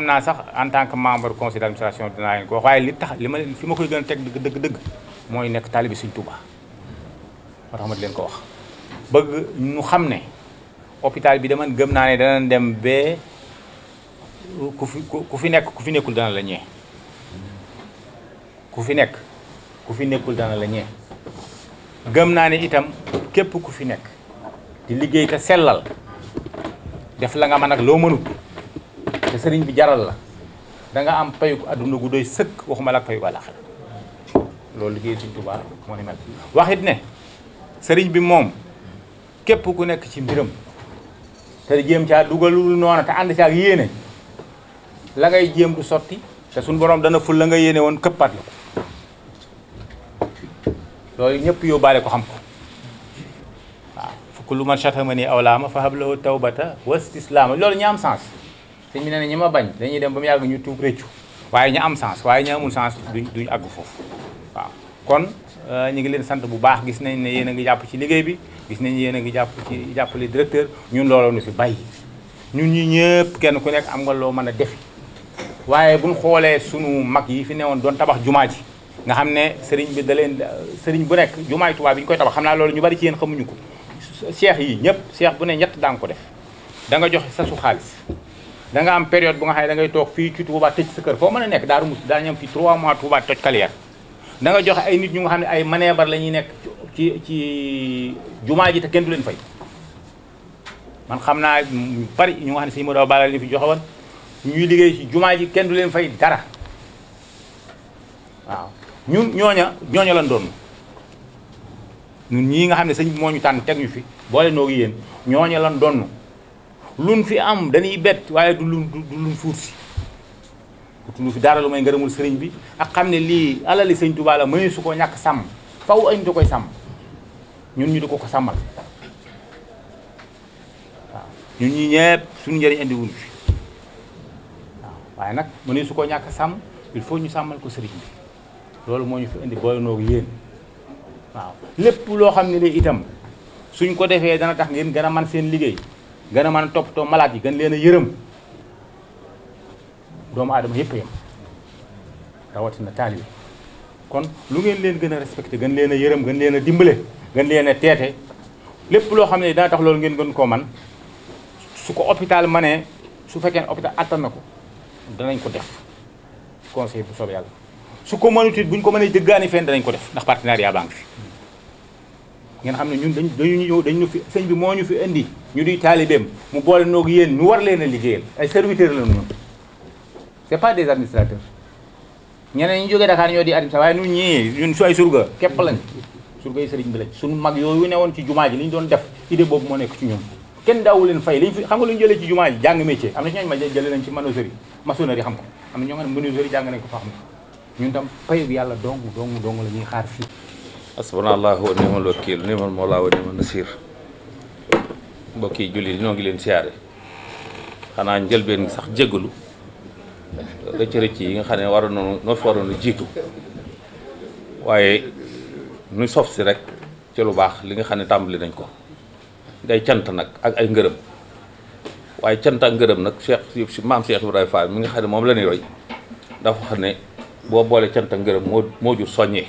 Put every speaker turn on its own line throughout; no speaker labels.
xamna sax en tant que membre conseil d'administration administration dinaa ko waxay li tax lima ma fi ma koy gën tek deug deug deug moy nek talibi seigne touba Tuuba ma di ko wax bëgg ñu xamne ne hôpital bi dama gëm naane ne danañ dem be ku fi ku fi ku fi nekul dana la ku fi nek ku fi nekul dana la gëm naane itam képp ku fi nek di liggéey te sellal def la nga man ak lo mënut te sëriñ bi jaral la da nga am payu adduna gu doy sëkk waxuma la payu àlaxira loolu liggéey sëriñ Tuubaa moo ni mel waxit ne sëriñ bi moom képp ku nekk ci mbiram te jéem caa dugalul noona te ànd caag yéene la ngay jéem du sotti te suñ borom dana ful la nga yéene woon këppaat la loolu ñëpp yóbbaale ko xam ko waaw fukk lu man chatama ni awlaama fa hablahu tawbata wastislaama loolu ñaam sens sëñ bi ne ñi ma bañ dañuy dem ba mu yàgg ñu tuub rëccu waaye ñu am sens waaye ñu amul sens duñ àgg foofu waaw kon euh, ñu ngi leen sant bu baax gis nañ ne yéen a ngi jàpp ci liggéey bi gis nañ yéen a ngi jàpp ci jàppale directeur ñu looloo nu fi bàyyi ñun ñi ñëpp kenn ku nekk am nga loo mën a defi waaye buñ xoolee sunu mag yi fi newoon doon tabax jumaa ji nga xam ne sëriñ bi da leen sëriñ bu nekk jumaay Tuubaa bi ñu koy tabax xam naa loolu ñu bari ci yéen xamuñu ko seex yi ñëpp seex bu ne ñett daan def da nga joxe sa xaalis danga am période bu nga xam ne da ngay toog fii ci Touba tëj sa kër foo mën a nekk Daaru Musti daañu am fii 3 mois Touba toj kalière da joxe ay nit ñu nga xam ne ay manœuvre la ñuy nekk ci ci jumaa ji te kenn du leen fay man xam naa ñu bari ñu nga xam ne sëñ joxe woon ñuy liggéey ci jumaa ji kenn du leen fay dara waaw ñun ñooña doon ñii nga xam ne sëñ moo ñu tànn teg ñu fi boole noogi yéen ñooña lan doon luñ fi am dañuy bet waye du luñ du luñ fursi ko tunu fi dara lu may ngërëmul sëriñ bi ak xamne li lii alali serigne touba la may su ko ñak sam faw ay ndukoy sam ñun ñu di ko ko sàmmal ñun ñi ñepp suñu ñari andi wuñ fi waye nak nag mënee su ko ñak sam il faut ñu samal ko serigne bi lolu moo ñu fi andi boy nok yeen waaw lepp lo xamne ne itam suñ ko defé dana tax ngeen gëna man seen liggéey gëna man top to malade gën leena yërem doom adam yépp yam rawati na talib kon lu ngeen leen gëna respecté gën leena yërem gën leena dimbalé gën leena tété lepp lo xamné da tax lool ngeen gën ko man su ko hôpital mané su fekkee hôpital attan na ko danañ ko def conseil bu sobe yalla su ko mënut buñ bu ñu ko mënee jëggaani fenn danañ ko def ndax partenariat bank fi ngeen xamné ñun dañ dañu ñëw dañu fi sëñ bi moo ñu fi indi ñu di talibem mu bolé nok yeen ñu war leena a liggéeyal ay serviteur la ñu c'est pas des administrateurs ñene ñu joggé Dakar ñoo di administrateur waaye ñu ñi ñun su ay surga képp lañ surga yi sëriñ bi lañ suñu mag yoyu néwon ci jumaa ji li doon def idée bobu mo nekk ci ñoom kenn daawu leen fay liñ xam nga luñu jëlé ci jumaa ji jàng métier amna na ma jëlé nañ ci manuserie maçonnerie xam ko amna ñoo nga manuserie jang nañ ko fa ñun tam pay bi yalla dong dong dong la xaar fi
subhanallahu wa ni'mal wakil ni'mal mawla wa ni'mal nasir mbokk yi jullit ñoo ngi leen siyaare xanaa njëlbeen sax jéggalu rëcc rëcc yi nga xam ne waroon nañu noo fi waroon a jiitu waaye nu sof si rek ci lu baax li nga xam ne tàmbali nañ ko day cant nag ak ay ngërëm waaye cant ak ngërëm nag Cheikh si maam Cheikh Ibrahima Fall mi nga xam ne moom la ñuy roy dafa xam ne boo boolee cant ak ngërëm moo moo jur soññee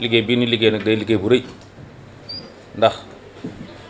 liggéey bii ni liggéey nag day liggéey bu rëy ndax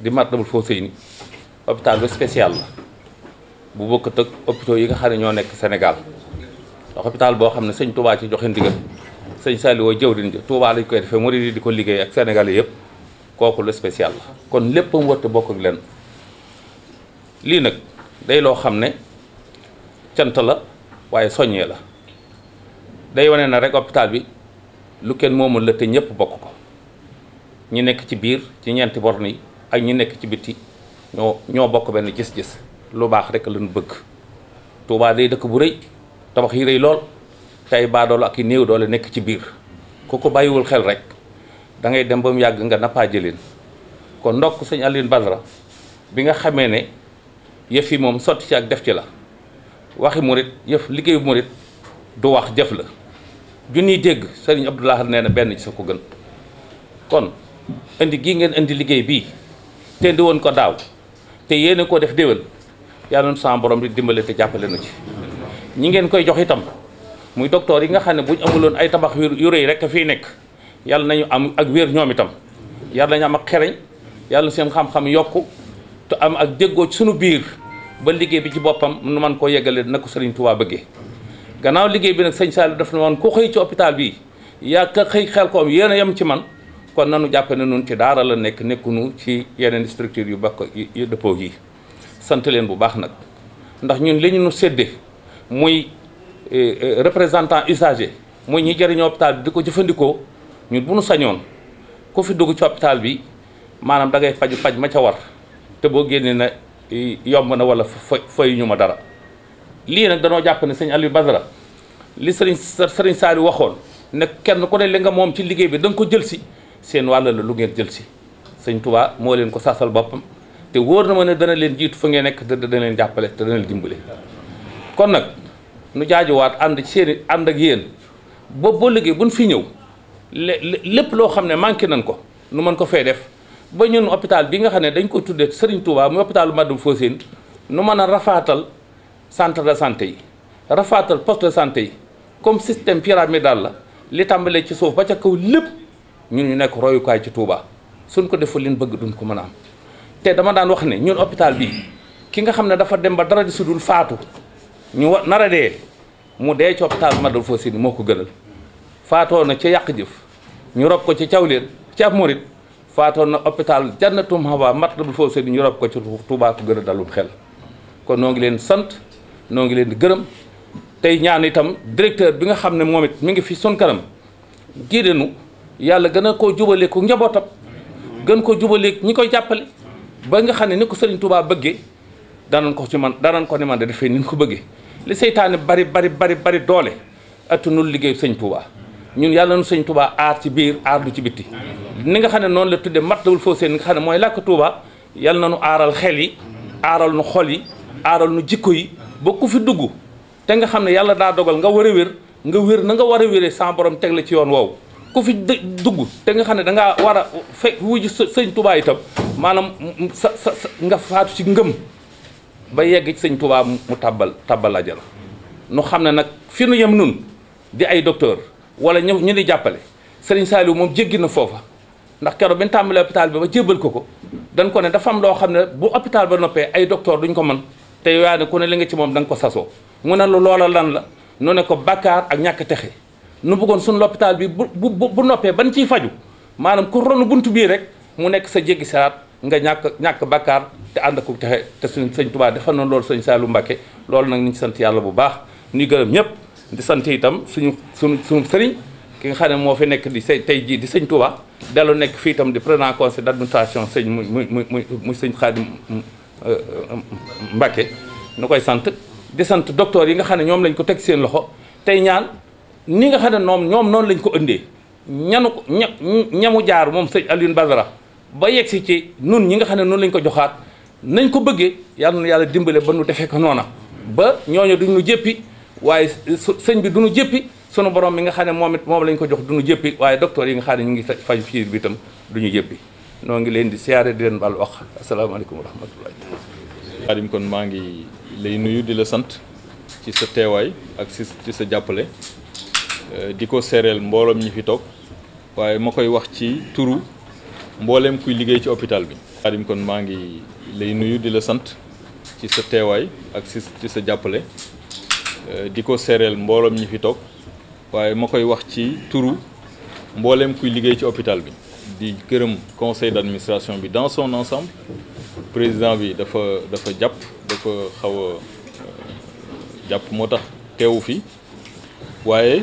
di Matlaboul Fawzayni hôpital bu spécial la bu bokkut ak hôpitaux yi nga xam ne ñoo nekk Sénégal ndax hôpital boo xam ne sëñ Touba ci joxe ndigal sëñ Saliou jëwriñ ja Touba lañ koy defee murid di ko liggéey ak Sénégalais yëpp kooku lu special la kon lépp mu bokk ak leen lii nag day loo xam ne cant la waaye soññee la day wane na rek hôpital bi lu kenn moomul la te ñépp bokk ko ñi nekk ci biir ci ñeenti borne yi ak ñi nekk ci biti ñoo ñoo bokk benn gis-gis lu baax rek lañu bëgg Touba day dëkk bu rëy tabax yi rëy lool tey baadoolo ak i néew doole nekk ci biir ku ko bàyyiwul xel rek dangay dem ba mu yàgg nga nappaaje leen kon ndokk sëñ Alioune Badara bi nga xamee ne yëf yi moom sotti ci ak def ci la waxi murit yëf liggéeyu murit du wax jëf la junniy dégg sëriñ Abdoulaye nee na benn ci sa ko gën kon indi gii ngeen indi liggéey bii te di woon ko daaw te yéen a ko def déwén yàlla na sama borom di dimbale te jàppale na ci ñi ngeen koy jox itam muy docteur yi nga xam ne buñ amuloon ay tabax yu rëy rek a fiy nekk yàlla nañu am ak wér ñoom itam yàlla nañu am ak xereñ yàlla seen xam-xam yokku te am ak déggoo ci sunu biir ba liggéey bi ci boppam nu man koo yeggale na ko sëriñ Tuubaa bëggee gannaaw liggéey bi nag sëñ Saliou def na woon ku xëy ci hôpital bi yaa ka xëy xel koom yéen a yem ci man kon nanu jàpp ne nun ci daara la nekk nekkunu ci yeneen structure yu bakk yu dëppoo yi sant leen bu baax nag ndax ñun li ñu nu sédde muy eh, eh, représentant usager muy ñi jëriñoo hôpital bi di ko jëfandikoo ñun bu nu sañoon ku fi dugg ci hôpital bi maanaam dangay ngay faju faj ma ca war te boo génnee na eh, yomb na wala fay ñu ma dara lii nag danoo jàpp ne sëñ Aliou Badara li sëriñ sëriñ Saliou waxoon ne kenn ko ne li nga moom ci liggéey bi da nga ko jël si seen wàll la lu ngeen jël si sëñ Tuubaa moo leen ko saasal boppam te wóor na ma ne dana leen jiitu fa ngeen nekk te dana leen jàppale te dana leen dimbale kon nag nu jaajuwaat ànd ci seen ànd ak yéen ba boo liggéey buñ fi ñëw lépp loo xam ne manqué nañ ko nu mën ko fee def ba ñun hôpital bi nga xam ne dañ ko tuddee Serigne Touba muy hôpitalu foo Fossine nu mën a rafaatal centre de santé yi rafaatal poste de santé yi comme système pyramidal la li tàmbalee ci suuf ba ca kaw lépp ñun ñu nekk royukaay ci Touba suñ ko deful leen bëgg duñ ko mën a am te dama daan wax ne ñun hôpital bii ki nga xam ne dafa dem ba dara di sudul faatu ñu wa nar a dee mu dee ci hôpital Matlaboul Fawzayni moo ko gënal faatoo na ci yàq jëf ñu rob ko ci cawleen ci ab murit faatoo na hôpital Jannatul Mahwa Matlaboul Fawzayni ñu rob ko ci Touba ko gën a dalum xel kon noo ngi leen sant noo ngi leen di gërëm tey ñaan itam directeur bi nga xam ne moom mi ngi fi sun kanam yàlla gën a koo jubaleeku njabootam gën koo jubaleek ñi koy jàppale ba nga xam ne ni ko Serigne Touba bëggee danañ ko ci man danañ ko ni man de defee ni ñu ko bëggee li seytaane bari bari bari bari doole attunul liggéey sëñ Touba ñun yàlla nu sëñ Touba aar ci biir aar lu ci bitti ni nga xam ne noonu la tuddee matlawul foo seen ni nga xam ne mooy làkk Touba yàlla na nu aaral xel yi aaral nu xol yi aaral nu jikko yi ba ku fi dugg te nga xam ne yàlla daa dogal nga war a wér nga wér na nga war a wéree sans borom teg la ci yoon woowu ku fi dugg te nga xam ne da ngaa war a fekk wuji sëñ tubaa itam maanaam sa sa nga faatu ci ngëm ba yegg sëñ tubaa mu tàbbal tàbbal ajal nu xam ne nag fi nu yem nun di ay docteur wala ñu ñu ni jàppale sëriñ Saliou moom jéggi na foofa ndax keroog bi ñu tàmbalee hôpital bi ba jébbal ko ko dan ko ne dafa am loo xam ne bu hôpital ba noppee ay docteur duñ ko mën te yaa ne ku ne li nga ci moom da nga ko sasoo mu ne lu loola lan la nu ne ko bàkkaar ak ñàkk nu bëggoon suñu l'hôpital bi bu bu bu noppee ban ciy faju maanaam ku ronu bunt bii rek mu nekk sa jéggi saraat nga ñàkk ñàkk bakkaar te ànd ko texe te suñ sëñ Tuubaa defal na loolu sëñ Saalu Mbàkke loolu nag ñu ngi sant yàlla bu baax ñuy gërëm ñëpp di sant itam suñu suñu suñu sëriñ ki nga xam ne moo fi nekk di say tey jii di sëñ Tuubaa dellu nekk fii itam di président conseil d'administration sëñ muy muy muy muy sëñ Xaadim euh, euh, Mbàkke nu koy sant di sant docteur yi nga xam ne ñoom lañ ko teg seen loxo tey ñaan nii nga xam ne noom ñoom noonu lañ ko ëndee ñanu ña ñamu jaar moom sëñ Alioune Badara ba yegg si ci nun ñi nga xam ne noonu lañ ko joxaat nañ ko bëggee yàlla na yàlla dimbale ba nu defee ko noona ba ñooñu duñ nu jéppi waaye sëñ bi du nu jéppi sunu borom mi nga xam ne moom it moom lañ ko jox du nu jéppi waaye docteur yi nga xam ne ñu ngi faj fii bi itam du ñu jéppi noo ngi leen di siyaare di leen baal wax asalaamaaleykum
wa rahmatullahi xaadim kon maa ngi lay nuyu di la sant ci sa teewaay ak ci sa jàppale Euh, diko serel seereel ñi fi tok waye makoy wax ci turu mbooleem kuy liggéey ci hôpital bi. Xaadim kon ma ngi lay nuyu di la sant ci sa teewaay ak ci sa jàppale euh, di ko seereel ñi fi tok waye makoy wax ci turu mbooleem kuy liggéey ci hôpital bi. di gërëm conseil d'administration bi dans son ensemble président bi dafa dafa japp dafa xawa euh, japp motax moo fi waye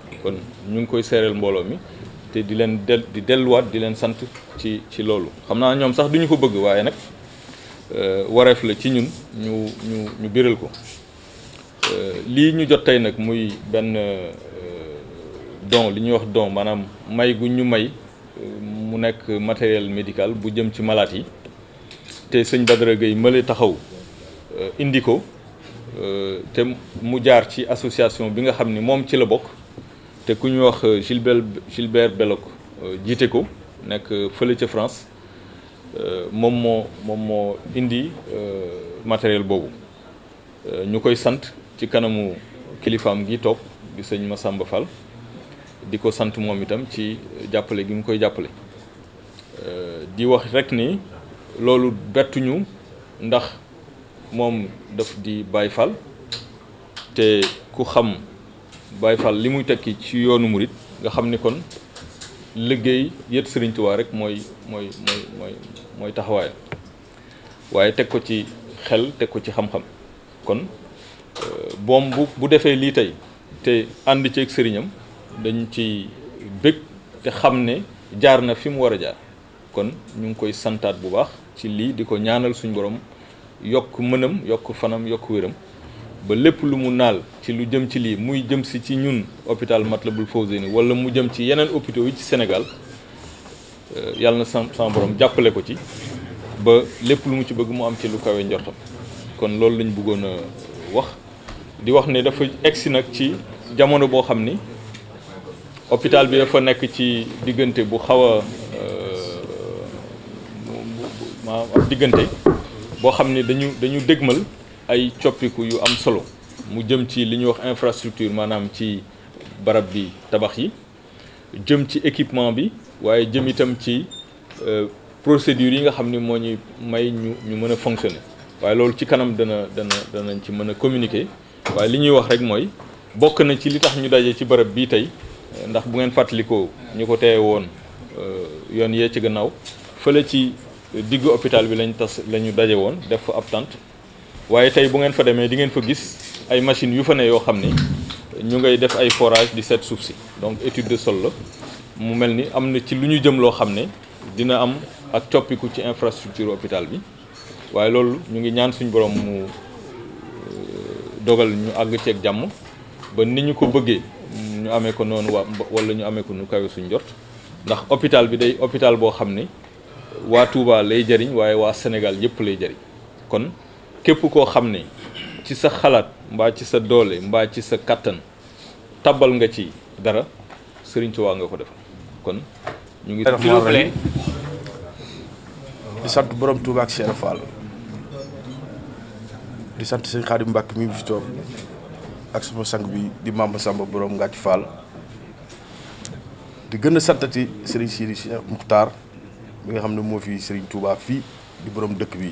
kon ñu ngi koy seereel mbooloo mi te di leen del di delluwaat di leen sant ci ci loolu xam naa ñoom sax duñu ko bëgg waaye nag euh, wareef la ci ñun ñu ñu ñu biral ko euh, lii ñu jot tey nag muy benn euh, don li ñuy wax don maanaam may gu ñu may mu nekk matériel médical bu jëm ci malaat yi te sëñ Badara Gueye mële taxaw indi ko te mu jaar ci association bi nga xam ni moom ci la bokk te ku ñu wax euh, Gilbert Gilbert euh, jiite ko nekk fële ca France euh, moom moo moom moo indi matériel boobu ñu koy sant ci kanamu kilifaam gi toog di sëñ Massamba Fall di ko sant moom itam ci jàppale gi mu koy jàppale di wax rek ni loolu bettuñu ndax moom daf di Baay fal te ku xam Baye Fall li muy tekki ci yoonu murit nga xam ni kon liggéey yët Sëriñ Tuubaa rek mooy mooy mooy mooy mooy taxawaayam waaye teg ko ci xel teg ko ci xam-xam kon euh, boom bu bu defee lii tey te ànd ci ak sëriñam dañ ci bëgg te xam ne jaar na fi mu war a jaar kon ñu ngi koy santaat bu baax ci lii di ko ñaanal suñ borom yokk mënam yokk fanam yokk wéram ba lépp lu mu naal ci lu jëm ci lii muy jëm si ci ñun hopital mat la bul Matlaboul Fawzeyni wala mu jëm ci yeneen hôpitaux yi ci senegal euh, yàlla na sam borom jàppale ko ci ba lépp lu mu ci bëgg mu am ci lu kawe njortam kon loolu lañ bëggoon wax di wax ni dafa egsi nag ci jamono boo xam ni hopital bi dafa nekk ci diggante bu xaw a euh, ma diggante boo xam ni dañu dañu dégmal ay coppiku yu am solo mu jëm ci li ñuy wax infrastructure maanaam ci barab bi tabax yi jëm ci équipement bi waaye jëm itam ci euh, procédure yi nga xam ni moo ñuy may ñu mën a fonctionner waaye loolu ci kanam dana dana danañ ci mën a communiquer waaye li ñuy wax rek mooy bokk na ci li tax ñu daje ci barab bii tey euh, ndax bu ngeen fàttalikoo ñu ko teewe woon euh, yoon yee ci gannaaw fële ci diggu hôpital bi lañ tas la ñu daje woon def fa ab tànt waaye tey bu ngeen fa demee di ngeen fa gis ay machines yu fa ne yoo xam ni ñu ngay def ay forage di seet suuf si donc étude de sol la mu mel ni am na ci lu ñu jëm loo xam ne dina am ak coppiku ci infrastructure hôpital bi waaye loolu ñu ngi ñaan suñu borom mu euh, dogal ñu àgg ceeg jàmm ba ni ñu ko bëggee ñu amee ko noonu wa wala ñu amee ko nu kawe suñ jot ndax hôpital bi day hôpital boo xam ne waa Touba lay jëriñ waaye waa Sénégal yëpp lay jëriñ képp ko xam ci sa xalat mba ci sa doole mba ci sa katan tabal nga ci dara serigne touba nga ko def kon
ñu ngi di sant borom Touba ak Cheikh Fall di sant serigne khadim mbak mi fi toog ak sama sang bi di Mamba Samba borom ngati Fall di gëna a santati serigne Sidi Cheikh mukhtar bi nga xam mo fi serigne Touba fi di borom dekk bi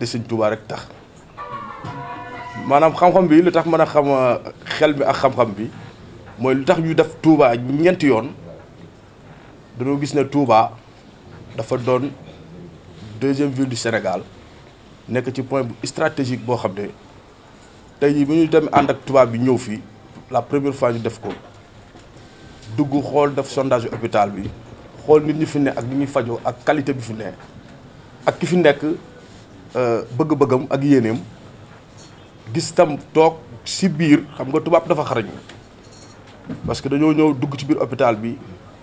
de sëñ Touba rek tax manam xam-xam bi lu tax mën xam euh, xel bi ak xam-xam bi moy lu tax ñu def Touba ñent yoon dañu gis na Touba dafa doon deuxième ville du Sénégal nek ci point bu stratégique bo xam ne tey jii bu ñu demee and ak Touba bi ñëw fi la première fois ñu def ko dugg xol def sondage hôpital bi xol nit ñi fi ne ak nit fajo ak qualité bi fi ne ak ki fi nekk. Eh, bëgg-bëggam ak yéeneem gis tam toog si biir xam nga tubaab dafa xarañ parce que dañoo ñëw dugg ci biir hôpital bi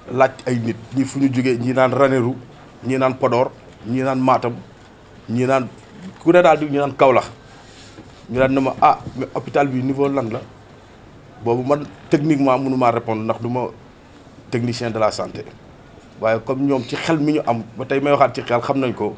laaj ay nit ñi fu ñu jógee ñi naan raneru ñi naan Podor ñi naan Matam ñi naan ku ne daal di ñi naan kaolax ñu daan ne ma ah mais hôpital bi niveau lan la boobu man techniquement mënu maa répondre ndax du ma technicien de la santé waaye comme ñoom ci xel mi ñu am ba tey may waxaat ci xel xam nañ ko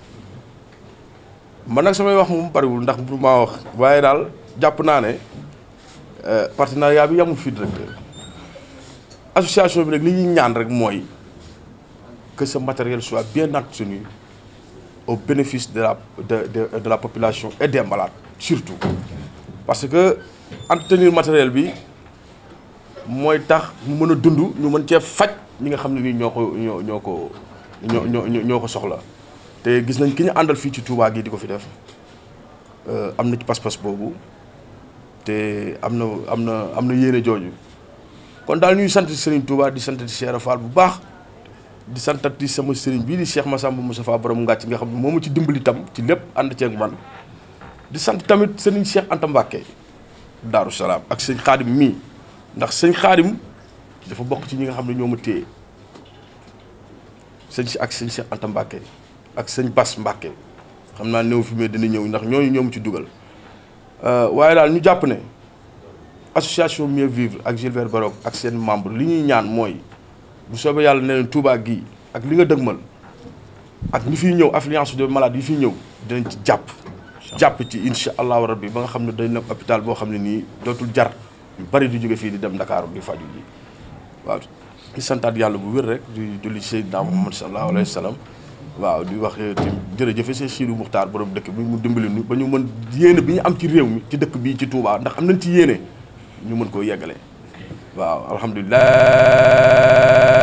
man nak samay wax moom bariwul ndax bu maa wax waye dal japp naa ne euh, partenariat bi yamul fii rek association bi rek li ñi ñaan rek moy que ce matériel soit bien entretenu au bénéfice de la de de de la population et des malades surtout parce que entretenir matériel bi moy tax mu meuna dundu ñu mën ci fajj ñi nga xam ne ñoko ñoko ko ñoo soxla. te gis nañ ki ñu àndal fii ci tuubaa gii di ko fi def euh, am na ci pas-pas boobu te am na am na am na yéene jooju kon daal ñuy sant Serigne Touba di sant Cheikh Fall bu baax di santati sama Serigne bii di Cheikh Massamba Moustapha borom ngàcc nga xam ne moom ci dimbali tam ci lépp ànd ceeg man di sant tamit Serigne Cheikh Anta Mbacké Daaru Salaam ak sëñ Xaadim mii ndax sëñ Xaadim dafa bokk ci ñi nga xam ne ñoo ma téye sëñ si ak sëñ Cheikh Anta ak sëñ Bas Mbàkke xam naa new fi mais dina ñëw ndax ñooñu ñoom ci dugal euh, waaye daal ñu jàpp ne association mieux vivre ak Gilbert Barok ak seen membre li ñuy ñaan mooy bu soobee yàlla ne leen Touba gii ak li nga dëgmal ak ñi fiy ñëw affluence de malade yi fiy ñëw dinañ ci jàpp jàpp ci insha allahu rabbi ba nga xam ne day nekk hôpital boo xam ne nii dootul jar ñu bari di jóge fii di dem Ndakaaru di faju ji waaw di santaat yàlla bu wér rek di julli Seydina Muhammad sallallahu alayhi wa waaw di wax ci eh, jërëjëf Cheikh Sidou Moukhtar borom dëkk bi mu dimbali nu ba ñu mën yéene bi ñu am ci réew mi ci dëkk bii ci Touba ndax am nañ ci yéene ñu mën koo yeggale waaw alhamdulilah